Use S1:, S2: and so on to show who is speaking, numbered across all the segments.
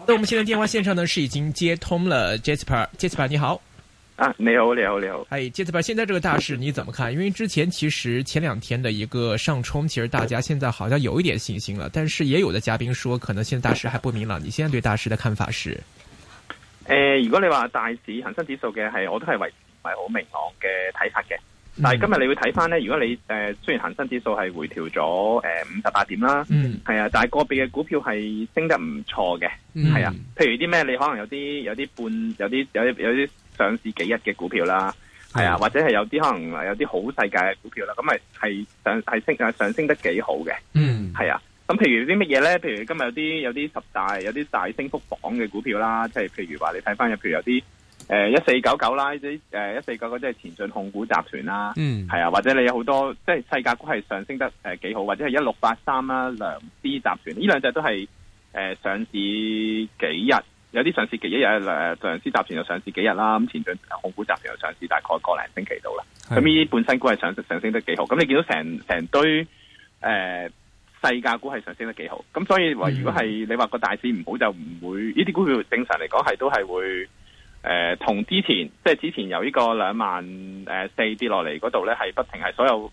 S1: 那、so, 我們現在電話線上呢是已經接通了 Jasper，Jasper 你好啊，你好你好你好。哎、hey,，Jasper，現在這個大市你怎麼看？因為之前其實前兩天的一個上衝，其實大家現在好像有一點信心了，但是也有的嘉賓說可能現在大市還不明朗。你現在對大市的看法是？
S2: 呃、如果你話大市恆生指數嘅係我都係維持唔係好明朗嘅睇法嘅。
S1: 嗯、但係今日你會睇翻
S2: 咧，如果你誒、呃、雖然恆生指數係回調咗誒五十八點啦，係、嗯、啊，但係個別嘅股票係升得唔錯嘅，係、嗯、啊，譬如啲咩，你可能有啲有啲半有啲有啲有啲上市幾日嘅股票啦，係、嗯、啊，或者係有啲可能有啲好世界嘅股票啦，咁係上升啊上升得幾好嘅，嗯，係啊，咁譬如啲乜嘢咧？譬如今日有啲有啲十大有啲大升幅榜嘅股票啦，即、就、係、是、譬如話你睇翻入，譬如有啲。誒，一四九九啦，呢啲誒一四九九即係前進控股集團啦，係、嗯、啊，或者你有好多即係細價股係上升得誒、呃、幾好，或者係一六八三啦、良 B 集團，呢兩隻都係誒、呃、上市幾日，有啲上市期一日，良良思集團又上市幾日啦，咁、嗯、前進控股集團又上市大概個零星期到啦，咁呢啲本身股係上升上升得幾好，咁你見到成成堆誒細價股係上升得幾好，咁所以話、呃嗯、如果係你話個大市唔好就唔會呢啲股票正常嚟講係都係會。誒，同、呃、之前即係之前由呢個兩萬誒四跌跌落嚟嗰度咧，係不停係所有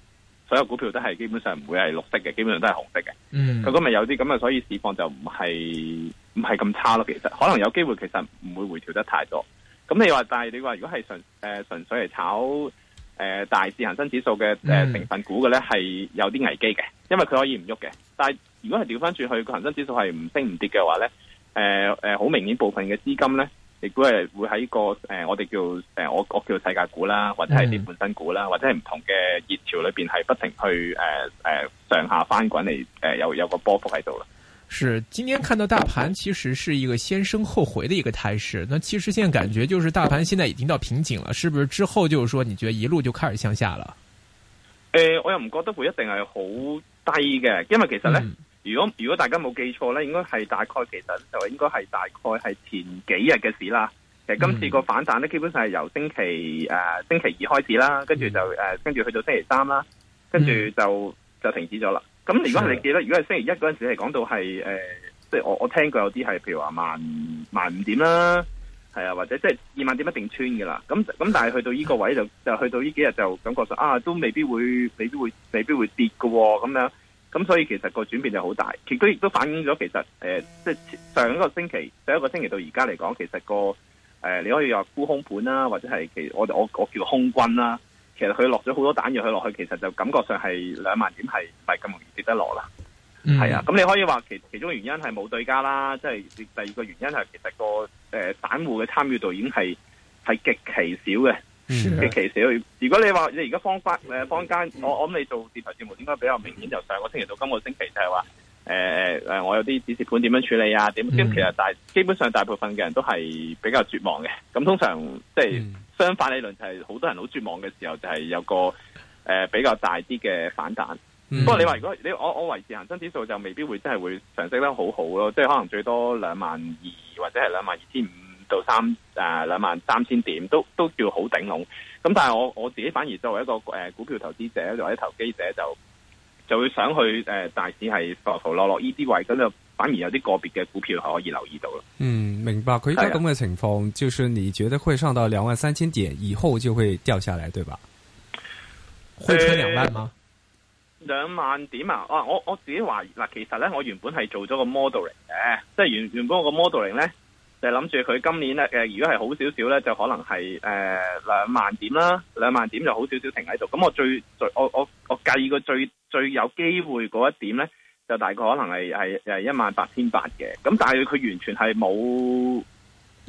S2: 所有股票都係基本上唔會係綠色嘅，基本上都係紅色嘅。嗯，佢咁咪有啲咁啊，所以市況就唔係唔係咁差咯。其實可能有機會，其實唔會回調得太多。
S1: 咁你話，
S2: 但係你話如果係純誒純粹係炒誒、呃、大市恒生指數嘅誒成份股嘅咧，係有啲危機嘅，因為佢可以唔喐嘅。但係如果係調翻轉去個恒生指數係唔升唔跌嘅話咧，誒、呃、誒，好、呃、明顯部分嘅資金咧。亦都係會喺個誒、呃，我哋叫誒，我、呃、我叫世界股啦，或者係啲本身股啦，嗯、或者係唔同嘅熱潮裏邊，係不停去誒誒、呃呃、上下翻滾嚟誒，有有個波幅喺度啦。
S1: 是，今天看到大盤其實是一個先升後回的一個態勢，那其實現在感覺就是大盤現在已經到瓶頸了，是不是之後就是說你覺得一路就開始向下了？
S2: 了誒、呃，我又唔覺得會一定係好低嘅，因為其實咧。嗯如果如果大家冇記錯咧，應該係大概其實就應該係大概係前幾日嘅事啦。其實今次個反彈咧，基本上係由星期、呃、星期二開始啦，跟住就跟住、呃、去到星期三啦，跟住就就停止咗啦。咁如果你記得，如果係星期一嗰陣時係講到係、呃、即係我我聽過有啲係譬如話萬萬五點啦，係啊，或者即係二萬點一定穿嘅啦。咁咁但係去到呢個位就就去到呢幾日就感覺就啊都未必會未必會未必會跌嘅喎咁樣。咁、嗯、所以其實個轉變就好大，其實亦都反映咗其實，誒、呃，即、就、係、是、上一個星期，第一個星期到而家嚟講，其實、那個誒、呃，你可以話沽空盤啦、啊，或者係其我我我叫空軍啦、啊，其實佢落咗好多彈藥去落去，其實就感覺上係兩萬點係唔係咁容易跌得落啦。
S1: 係、嗯、啊，咁、嗯嗯、
S2: 你可以話其其中嘅原因係冇對家啦，即、就、係、是、第二個原因係其實、那個誒散、呃、戶嘅參與度已經係係極其少嘅。嘅、嗯、其少。如果你話你而家方法，誒坊間、嗯，我我諗你做電台節目，應該比較明顯就上個星期到今個星期就係話，誒誒誒，我有啲指示盤點樣處理啊？點咁、嗯、其實大，基本上大部分嘅人都係比較絕望嘅。咁通常即係、就是嗯、相反理論就係好多人好絕望嘅時候，就係有個誒、呃、比較大啲嘅反彈。嗯、不過你話如果你我我維持恒生指數就未必會真係會上升得好好咯，即、就、係、是、可能最多兩萬二或者係兩萬二千五。到三誒兩萬三千點都都叫好頂籠，咁但係我我自己反而作為一個誒股票投資者或者投機者就就會想去誒大市係浮浮落落呢啲位，咁就反而有啲個別嘅股票
S1: 係可以留意到咯。嗯，
S3: 明白。佢依家咁嘅情況，就算你覺得會上到兩萬三千點，以後就會掉下嚟，對吧？
S1: 會升兩萬嗎？
S2: 兩萬點啊！我我自己話嗱，其實咧，我原本係做咗個 modeling 嘅，即係原原本我個 modeling 咧。就諗住佢今年咧，如果係好少少咧，就可能係呃、兩萬點啦，兩萬點就好少少停喺度。咁、嗯、我最最我我我計過最最有機會嗰一點咧，就大概可能係一萬八千八嘅。咁、嗯、但係佢完全係冇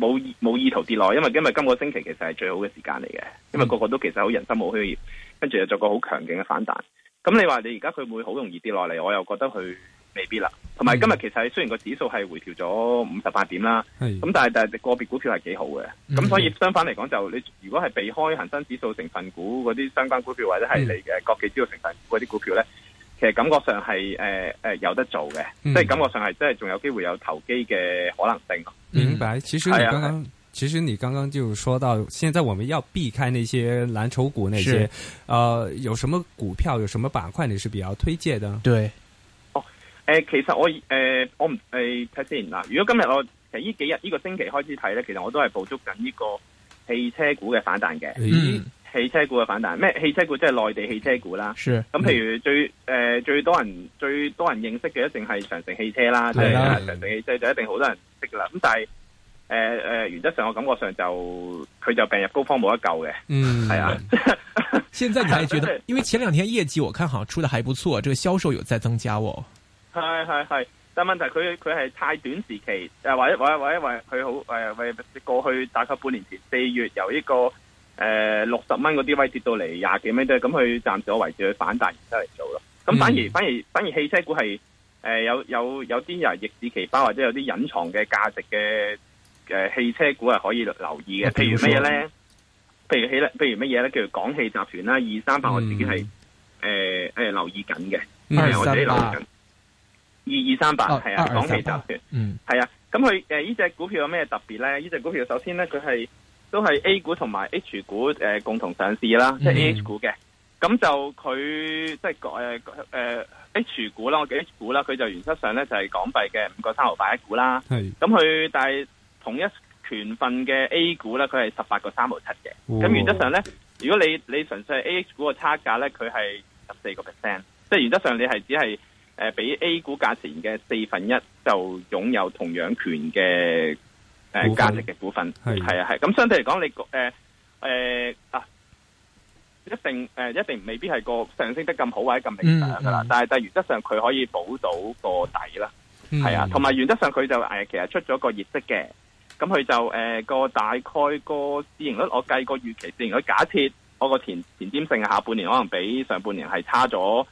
S2: 冇意冇意圖跌落，因為因為今個星期其實係最好嘅時間嚟嘅，因為個個都其實好人心冇虛業，跟住又作個好強勁嘅反彈。咁、嗯、你話你而家佢會好容易跌落嚟，我又覺得佢。未必啦，同埋今日其實雖然個指數係回調咗五十八點啦，咁、嗯、但係但係個別股票係幾好嘅，咁、嗯、所以相反嚟講就你如果係避開恒生指數成分股嗰啲相關股票、嗯、或者係你嘅國際指數成分股嗰啲股票咧，其實感覺上係誒誒有得做嘅，即係、嗯、感覺上係即係仲有機會有投機嘅可能性。
S3: 明白，其實你剛剛、啊、其實你剛剛就說到，現在我們要避開那些藍籌股，那些誒是、呃、有什麼股票，有什麼板塊你是比較推介的？對。
S2: 誒、呃，其實我誒、呃，我唔誒睇先嗱。如果今日我其實呢幾日呢、呢個星期開始睇咧，其實我都係捕捉緊呢個汽車股嘅反彈嘅。嗯汽，汽車股嘅反彈咩？汽車股即係內地汽車股啦。是。咁、嗯、譬如最誒、呃、最多人最多人認識嘅一定係長城汽車啦，係長城汽車就一定好多人識啦。咁但係誒誒，原則上我感覺上就佢就病入膏肓冇得救嘅。
S1: 嗯，係啊。 現在你還覺得，因為前兩天業績我看好像出得還不錯，這個銷售有在增加喎。
S2: 係係係，但問題佢佢係太短時期，或者或者或者或佢好誒，為過去大概半年前四月由呢個誒六十蚊嗰啲位跌到嚟廿幾蚊都，咁佢暫時我維持佢反彈而出嚟做咯。咁反而、嗯、反而反而，反而汽車股係誒、呃、有有有啲人逆市期包，或者有啲隱藏嘅價值嘅誒汽車股係可以留意嘅。譬如咩咧？譬如譬如譬如乜嘢咧？譬如廣汽集團啦，二三百我自己係誒誒留意緊嘅，或者、嗯、留意緊。二二三八係啊，廣汽集團，嗯，係啊。咁佢誒呢隻股票有咩特別咧？呢隻股票首先咧，佢係都係 A 股同埋 H 股誒、呃、共同上市啦，即係 A、AH 嗯呃呃、H 股嘅。咁就佢即係誒誒 H 股啦，我講 H 股啦，佢就原則上咧就係、是、港幣嘅五個三毫八一股啦。係咁佢但係同一權份嘅 A 股咧，佢係十八個三毫七嘅。咁、哦啊、原則上咧，如果你你純粹係 A H 股嘅差價咧，佢係十四個 percent。即、就、係、是、原則上你係只係。誒、呃，比 A 股價錢嘅四分一就擁有同樣權嘅誒價值嘅股份，係係啊係。咁相對嚟講，你誒誒、呃呃、啊一定誒、呃、一定未必係個上升得咁好或者咁明顯噶啦。但係但係原則上佢可以補到個底啦，
S1: 係啊、嗯。同
S2: 埋原則上佢就誒、呃、其實出咗個業績嘅，咁佢就誒、呃、個大概個市盈率，我計個預期市盈率，假設我個前前瞻性下半年可能比上半年係差咗。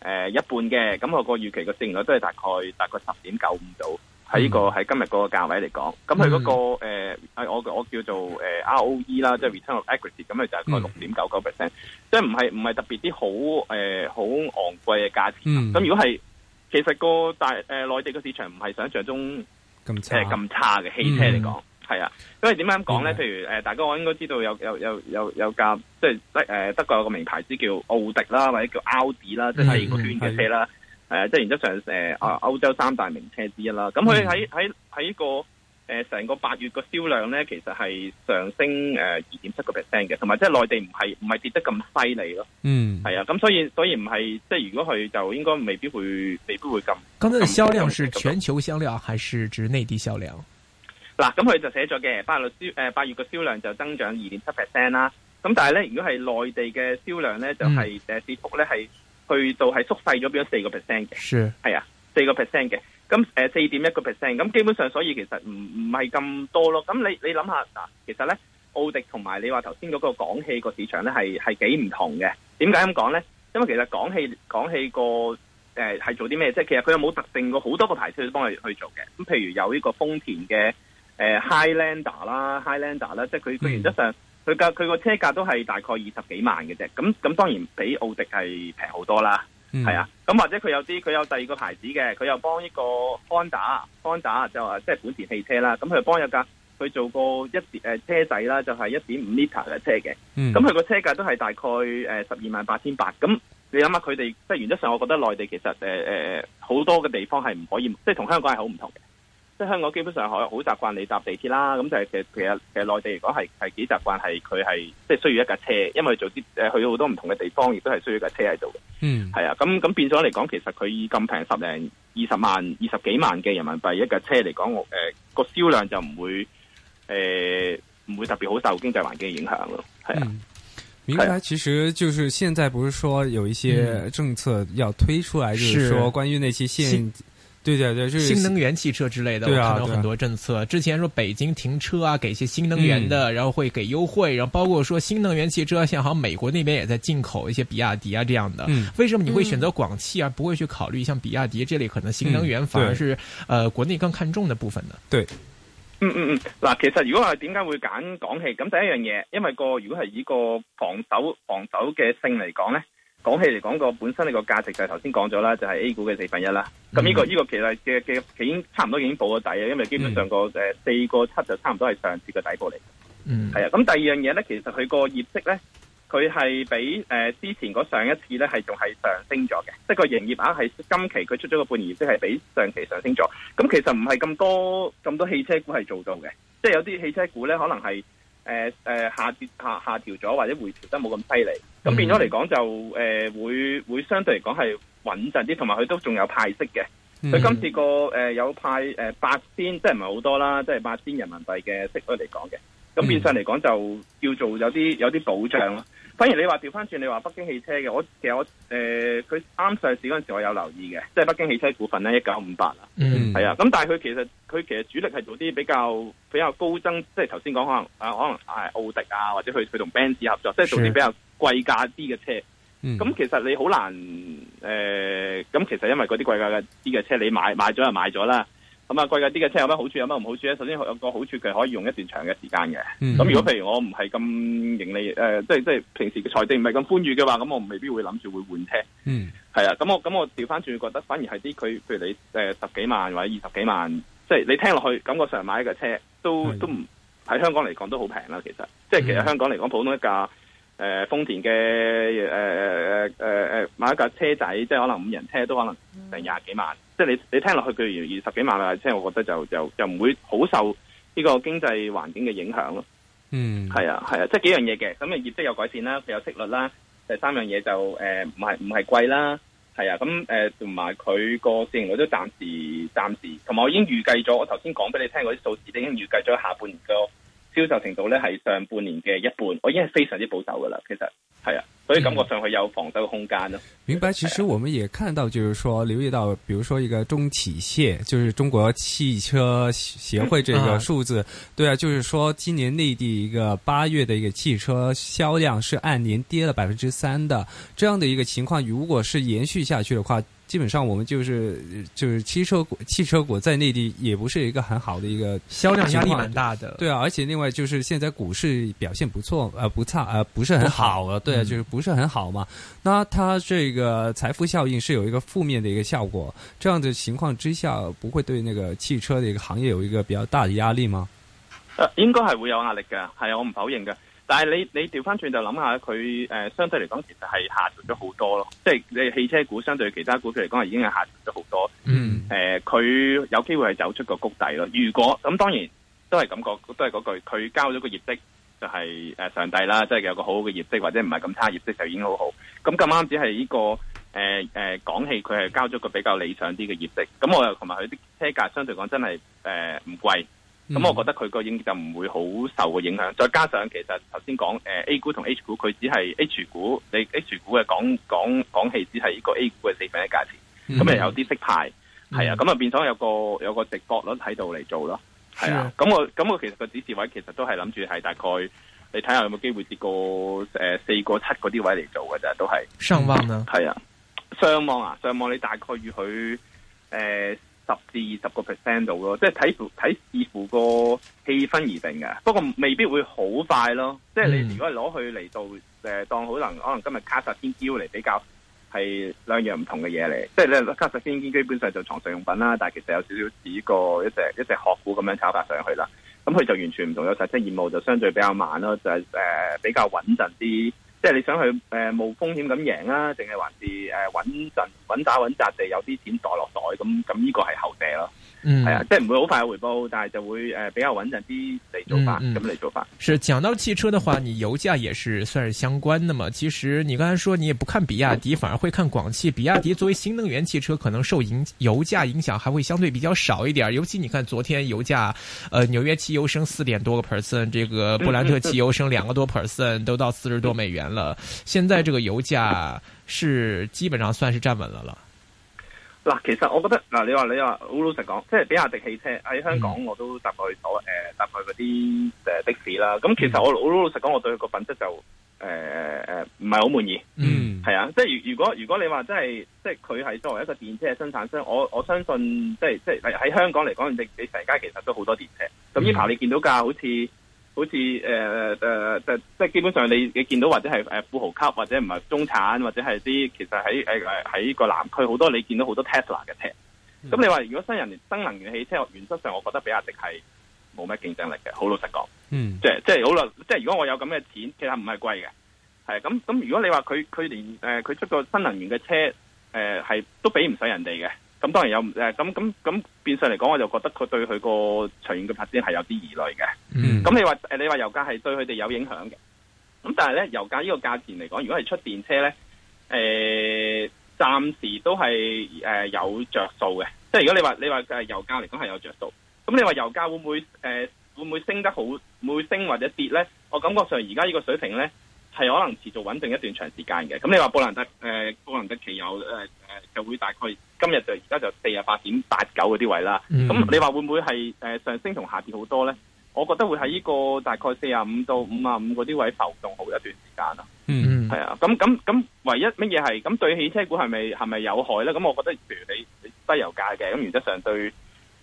S2: 誒、呃，一半嘅，咁我個預期個市盈率都係大概大概十點九五度，
S1: 喺呢、這個喺
S2: 今日嗰、那個價位嚟講，咁佢嗰個誒，我我叫做誒、呃 e, R O E 啦，即係 return on equity，咁佢就係大概六點九九 percent，即係唔係唔係特別啲好誒好昂貴嘅價錢，咁、嗯、如果係，其實個大誒內、呃、地嘅市場唔係想象中
S3: 咁差
S2: 嘅，汽車嚟講。係啊，因為點解咁講咧？譬如誒、呃，大家我應該知道有有有有有架即係德誒德國有個名牌車叫奧迪啦，或者叫奧迪啦，嗯嗯即係一個圈嘅車啦，係的、呃、即係然之上誒啊歐洲三大名車之一啦。咁佢喺喺喺個誒成、呃、個八月個銷量咧，其實係上升誒二點七個 percent 嘅，同埋即係內地唔係唔係跌得咁犀利咯。嗯，係啊，咁所以所以唔係即係如果佢就應該未必會未必會咁。
S1: 剛才的銷量是全球銷量還是指內地銷量？
S2: 嗱，咁佢就寫咗嘅，八月銷誒八月個銷量就增長二點七 percent 啦。咁但係咧，如果係內地嘅銷量咧，嗯、就係誒跌幅咧係去到係縮細咗，變咗四個 percent 嘅。係，係啊，四個 percent 嘅。咁誒四點一個 percent。咁基本上，所以其實唔唔係咁多咯。咁你你諗下嗱，其實咧，奧迪同埋你話頭先嗰個廣汽個市場咧係係幾唔同嘅。點解咁講咧？因為其實廣汽廣汽個誒係做啲咩？即係其實佢有冇特定過好多個牌子去幫佢去做嘅。咁譬如有呢個豐田嘅。誒 Highlander 啦，Highlander 啦，High er, High er, 即係佢佢原則上佢佢個車價都係大概二十幾萬嘅啫。咁咁當然比奧迪係平好多啦。係、嗯、啊，咁或者佢有啲佢有第二個牌子嘅，佢又幫一個 Honda，Honda 就話即係本田汽車啦。咁佢幫有架佢做過一誒、呃、車仔啦，就係一點五 liter 嘅車嘅。咁佢個車價都係大概誒十二萬八千八。咁、呃、你諗下，佢哋即係原則上，我覺得內地其實誒好、呃、多嘅地方係唔可以，即係同香港係好唔同嘅。即係香港基本上好好習慣你搭地鐵啦，咁就係其實其實其實內地嚟果係係幾習慣係佢係即係需要一架車，因為佢做啲誒去到好多唔同嘅地方，亦都係需要一架車喺度嘅。嗯，係啊，咁咁變咗嚟講，其實佢以咁平十零二十萬二十幾萬嘅人民幣一架車嚟講，我誒個銷量就唔會誒唔、呃、會特別好受經濟環境的影響咯。
S3: 係啊，嗯、明白。其實就是現在不是說有一些政策要
S1: 推出來，就是說、嗯、是關於那些限。對對對，就是、新能源汽車之類的，啊、可能有很多政策。啊啊、之前說北京停車啊，給一些新能源的，嗯、然後會給優惠，然後包括說新能源汽車，像好像美國那邊也在進口一些比亞迪啊這樣的。嗯、為什麼你會選擇廣汽啊？嗯、不會去考慮像比亞迪這類可能新能源反而是、嗯、呃國內更看重的部分呢？對，
S2: 嗯嗯嗯，嗱、嗯，其實如果話點解會揀廣汽，咁第一樣嘢，因為個如果係以個防守防守嘅性嚟講呢。講起嚟講個本身呢個價值就係頭先講咗啦，就係、是、A 股嘅四分一啦。咁呢個呢個其實嘅嘅已經差唔多已經補咗底嘅，因為基本上個誒四個七就差唔多係上次嘅底部嚟。嗯，
S1: 係啊。咁
S2: 第二樣嘢咧，其實佢個業績咧，佢係比誒、呃、之前嗰上一次咧係仲係上升咗嘅，即係個營業額係今期佢出咗個半年業績係比上期上升咗。咁其實唔係咁多咁多汽車股係做到嘅，即係有啲汽車股咧可能係。誒誒、呃、下跌下下調咗，或者回調得冇咁犀利，咁變咗嚟講就誒、呃、會會相對嚟講係穩陣啲，同埋佢都仲有派息嘅。
S1: 佢今、mm hmm.
S2: 次個誒、呃、有派誒、呃、八千，即係唔係好多啦，即係八千人民幣嘅息率嚟講嘅，咁變相嚟講就叫做有啲、mm hmm. 有啲保障咯。反而你話調翻轉，你話北京汽車嘅，我其實我誒佢啱上市嗰陣時，我有留意嘅，即係北京汽車股份咧一九五八
S1: 啊，係啊，咁但
S2: 係佢其實佢其實主力係做啲比較比較高增，即係頭先講可能啊，可能誒哎、奧迪啊，或者佢佢同 Benz 合作，即係做啲比較貴價啲嘅車。咁、嗯嗯、其實你好難誒，咁、呃、其實因為嗰啲貴價嘅啲嘅車，你買買咗就買咗啦。咁啊、嗯，貴價啲嘅車有乜好處，有乜唔好處咧？首先有個好處，佢可以用一段長嘅時間嘅。咁、嗯、如果譬如我唔係咁盈利，呃、即係即係平時嘅財政唔係咁寬裕嘅話，咁我未必會諗住會換車。嗯，係啊。咁我咁我調翻轉，覺得反而係啲佢，譬如你，譬如你十幾萬或者二十幾萬，即係你聽落去感覺上買一架車都的都唔喺香港嚟講都好平啦。其實，即係其實香港嚟講，普通一架、呃、豐田嘅、呃呃、買一架車仔，即係可能五人車都可能。成廿幾萬，即係你你聽落去，佢二十幾萬啦即係，我覺得就就就唔會好受呢個經濟環境嘅影響咯。
S3: 嗯，係
S2: 啊，係啊，即係幾樣嘢嘅。咁啊，業績有改善啦，佢有息率啦。第三樣嘢就誒唔係唔係貴啦，係啊。咁誒同埋佢個市盈率都暫時暫時，同埋我已經預計咗，我頭先講俾你聽嗰啲數字已經預計咗下半年嘅銷售程度咧，係上半年嘅一半。我已經係非常之保守噶啦，其實係啊。所以感覺上會有防守空間
S3: 呢。明白，對其實我們也看到，就是說留意到，比如說一個中汽協，就是中國汽車協會這個數字，嗯、對啊，就是說今年內地一個八月的一個汽車銷量是按年跌了百分之三的，這樣的一個情況如果是延續下去的話，基本上我們就是就是汽車股、汽車股在內地也不是一個很好的一個。銷量壓力，蠻大的。對啊，而且另外就是現在股市表現不錯，呃，不差，呃，不是很好啊，好了對啊，就是不。不是很好嘛？那它這個財富效應是有一個負面的一個效果。這樣的情況之下，不會對那個汽車的一個行業有一個比較大的壓力嗎？
S2: 應該係會有壓力嘅，係我唔否認嘅。但係你你調翻轉就諗下佢誒，相對嚟講其實係下跌咗好多咯。即係你汽車股相對其他股票嚟講，已經係下跌咗好多。嗯。誒、呃，佢有機會係走出個谷底咯。如果咁，當然都係咁講，都係嗰句，佢交咗個業績。就係上帝啦，即、就、係、是、有個好好嘅業績，或者唔係咁差業績就已經好好。咁咁啱只係呢、這個誒誒港汽，佢、呃、係、呃、交咗個比較理想啲嘅業績。咁我又同埋佢啲車價相對講真係誒唔貴。咁我覺得佢個影就唔會好受個影響。嗯、再加上其實頭先講 A 股同 H 股，佢只係 H 股。你 H 股嘅港港港汽只係呢個 A 股嘅四分一價錢。咁、嗯、又有啲息派，係啊。咁啊變咗有個有個折價率喺度嚟做咯。係啊，咁我咁我其實個指示位其實都係諗住係大概，你睇下有冇機會跌過誒四個七嗰啲位嚟做嘅咋，都係
S1: 上望啦，係啊，
S2: 上望啊，上望你大概預佢誒十至二十個 percent 度咯，即係睇乎睇視乎個氣氛而定㗎。不過未必會好快咯，即係你、嗯、如果係攞佢嚟到誒當可能可能今日卡薩天 U 嚟比較。.係兩樣唔同嘅嘢嚟，即係你頭先已經基本上就床上用品啦，但係其實有少少似個一隻一隻殼股咁樣炒發上去啦。咁佢就完全唔同，有實質業務就相對比較慢咯，就係、是、誒、呃、比較穩陣啲。即係你想去誒冇風險咁贏啊，定係還是誒、呃、穩陣穩打穩紮地有啲錢袋落袋咁？咁呢個係後者咯。嗯，係啊、哎，即係唔會好快回報，但係就會誒、呃、比較穩陣啲嚟做法咁嚟做法。
S1: 做法是講到汽車的話，你油價也是算是相關的嘛。其實你剛才說你也不看比亞迪，反而會看廣汽。比亞迪作為新能源汽車，可能受影油價影響，還會相對比較少一點。尤其你看昨天油價，呃紐約汽油升四點多個 percent，這個布蘭特汽油升兩個多 percent，都到四十多美元了。現在這個油價是基本上算是站穩了了。
S2: 嗱，其實我覺得嗱，你話你話，好老實講，即係比亞迪汽車喺、嗯、香港我都搭過去咗誒，搭佢嗰啲誒的士啦。咁其實我好、嗯、老實講，我對佢個品質就誒誒唔係好滿意。嗯，係啊，即係如如果如果你話即係即係佢係作為一個電車嘅生產商，我我相信即係即係喺香港嚟講，你你成街其實都好多電車。咁呢排你見到嘅好似。好似誒誒即即係基本上你你見到，或者係誒富豪級，或者唔係中產，或者係啲其實喺誒誒喺個南區好多你見到好多 Tesla 嘅車，咁、嗯、你話如果新人連新能源汽車原則上，我覺得比亞迪係冇咩競爭力嘅，好老實講，嗯，即係即係好啦，即係如果我有咁嘅錢，其實唔係貴嘅，係咁咁。如果你話佢佢連誒佢、呃、出個新能源嘅車誒係、呃、都比唔上人哋嘅。咁當然有誒，咁咁咁變相嚟講，我就覺得佢對佢個長遠嘅發展係有啲疑慮嘅。嗯，咁你話誒，你話油價係對佢哋有影響嘅。咁但係咧，油價呢個價錢嚟講，如果係出電車咧，誒、呃，暫時都係、呃、有着數嘅。即係如果你話你話佢係油價嚟講係有着數，咁你話油價會唔會誒、呃、會唔會升得好，會,會升或者跌咧？我感覺上而家呢個水平咧。係可能持續穩定一段長時間嘅。咁你話布蘭特誒、呃、布蘭特期油誒誒、呃、就會大概今日就而家就四啊八點八九嗰啲位啦。咁、mm hmm. 你話會唔會係誒上升同下跌好多咧？我覺得會喺呢個大概四啊五到五啊五嗰啲位浮動好一段時間啦。嗯嗯、mm，係、hmm. 啊。咁咁咁，那那唯一乜嘢係咁對汽車股係咪係咪有害咧？咁我覺得譬如你，你低油價嘅，咁原則上對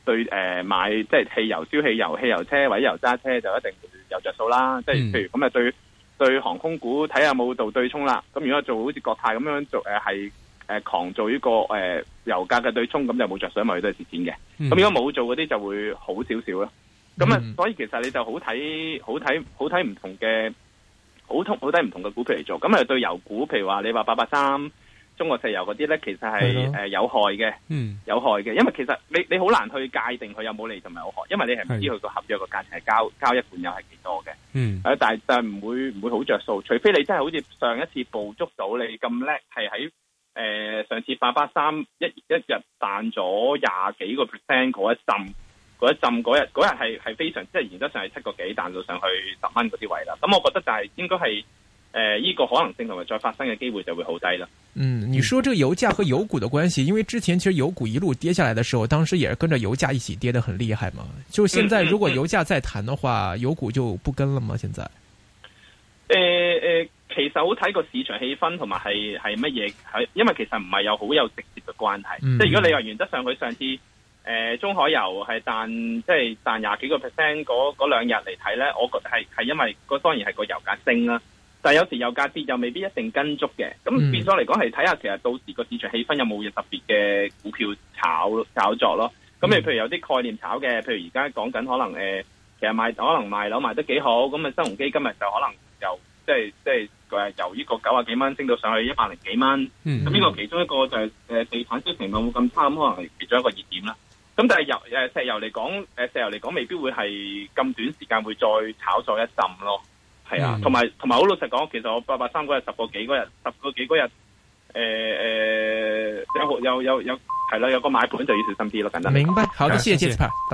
S2: 對誒、呃、買即係、就是、汽油、燒汽油、汽油車、或者油揸車就一定有着數啦。即係、mm hmm. 譬如咁啊，那對。對航空股睇下有冇做對沖啦，咁如果做好似國泰咁樣做，誒係誒狂做呢個誒、呃、油價嘅對沖，咁就冇着水，咪佢都係蝕錢嘅。咁、嗯、如果冇做嗰啲就會好少少咯。咁啊，所以其實你就好睇好睇好睇唔同嘅好通好睇唔同嘅股票嚟做。咁啊，對油股，譬如話你話八八三。中國石油嗰啲咧，其實係誒的、呃、有害嘅，有害嘅。因為其實你你好難去界定佢有冇利同埋有害，因為你係唔知佢個合約個價錢係的交交一半又係幾多嘅。嗯，誒、呃，但係但係唔會唔會好着數，除非你真係好似上一次捕捉到你咁叻，係喺誒上次八八三一一日彈咗廿幾個 percent 嗰一陣。嗰一陣嗰日嗰日係係非常即係、即係、原則上係七個幾彈到上去十蚊嗰啲位啦。咁我覺得就係應該係。誒，依、呃，這個可能性同埋再發生嘅機會就會好低啦。嗯，
S1: 你說這個油價和油股的關係，因為之前其實油股一路跌下來的時候，當時也是跟着油價一起跌得很厲害嘛。就現在如果油價再彈的話，嗯嗯、油股就不跟了嗎？現在？
S2: 誒誒、呃呃，其實我睇個市場氣氛同埋係係乜嘢？係因為其實唔係有好有直接嘅關係。即係、嗯、如果你話原則上佢上次誒、呃、中海油係彈即係彈廿幾個 percent 嗰兩日嚟睇咧，我覺得係係因為嗰當然係個油價升啦。但有時油價跌又未必一定跟足嘅，咁變咗嚟講係睇下其實到時個市場氣氛有冇特別嘅股票炒炒作咯。咁你譬如有啲概念炒嘅，譬如而家講緊可能誒、呃，其實賣可能賣樓賣得幾好，咁啊新鴻基今日就可能即即由即係即係誒由呢個九啊幾蚊升到上去一百零幾蚊。咁呢、嗯、個其中一個就係、是、誒、嗯呃、地產銷情冇咁差，咁可能係其中一個熱點啦。咁但係油誒石油嚟講，誒、呃、石油嚟講未必會係咁短時間會再炒作一陣咯。係啊，同埋同埋好老實講，其實我八八三嗰日十個幾嗰日，十個幾嗰日，誒誒、呃呃，有有有有係啦、啊，有個買盤就要小心啲咯，簡單。明白，啊、好嘅，謝謝 Jasper。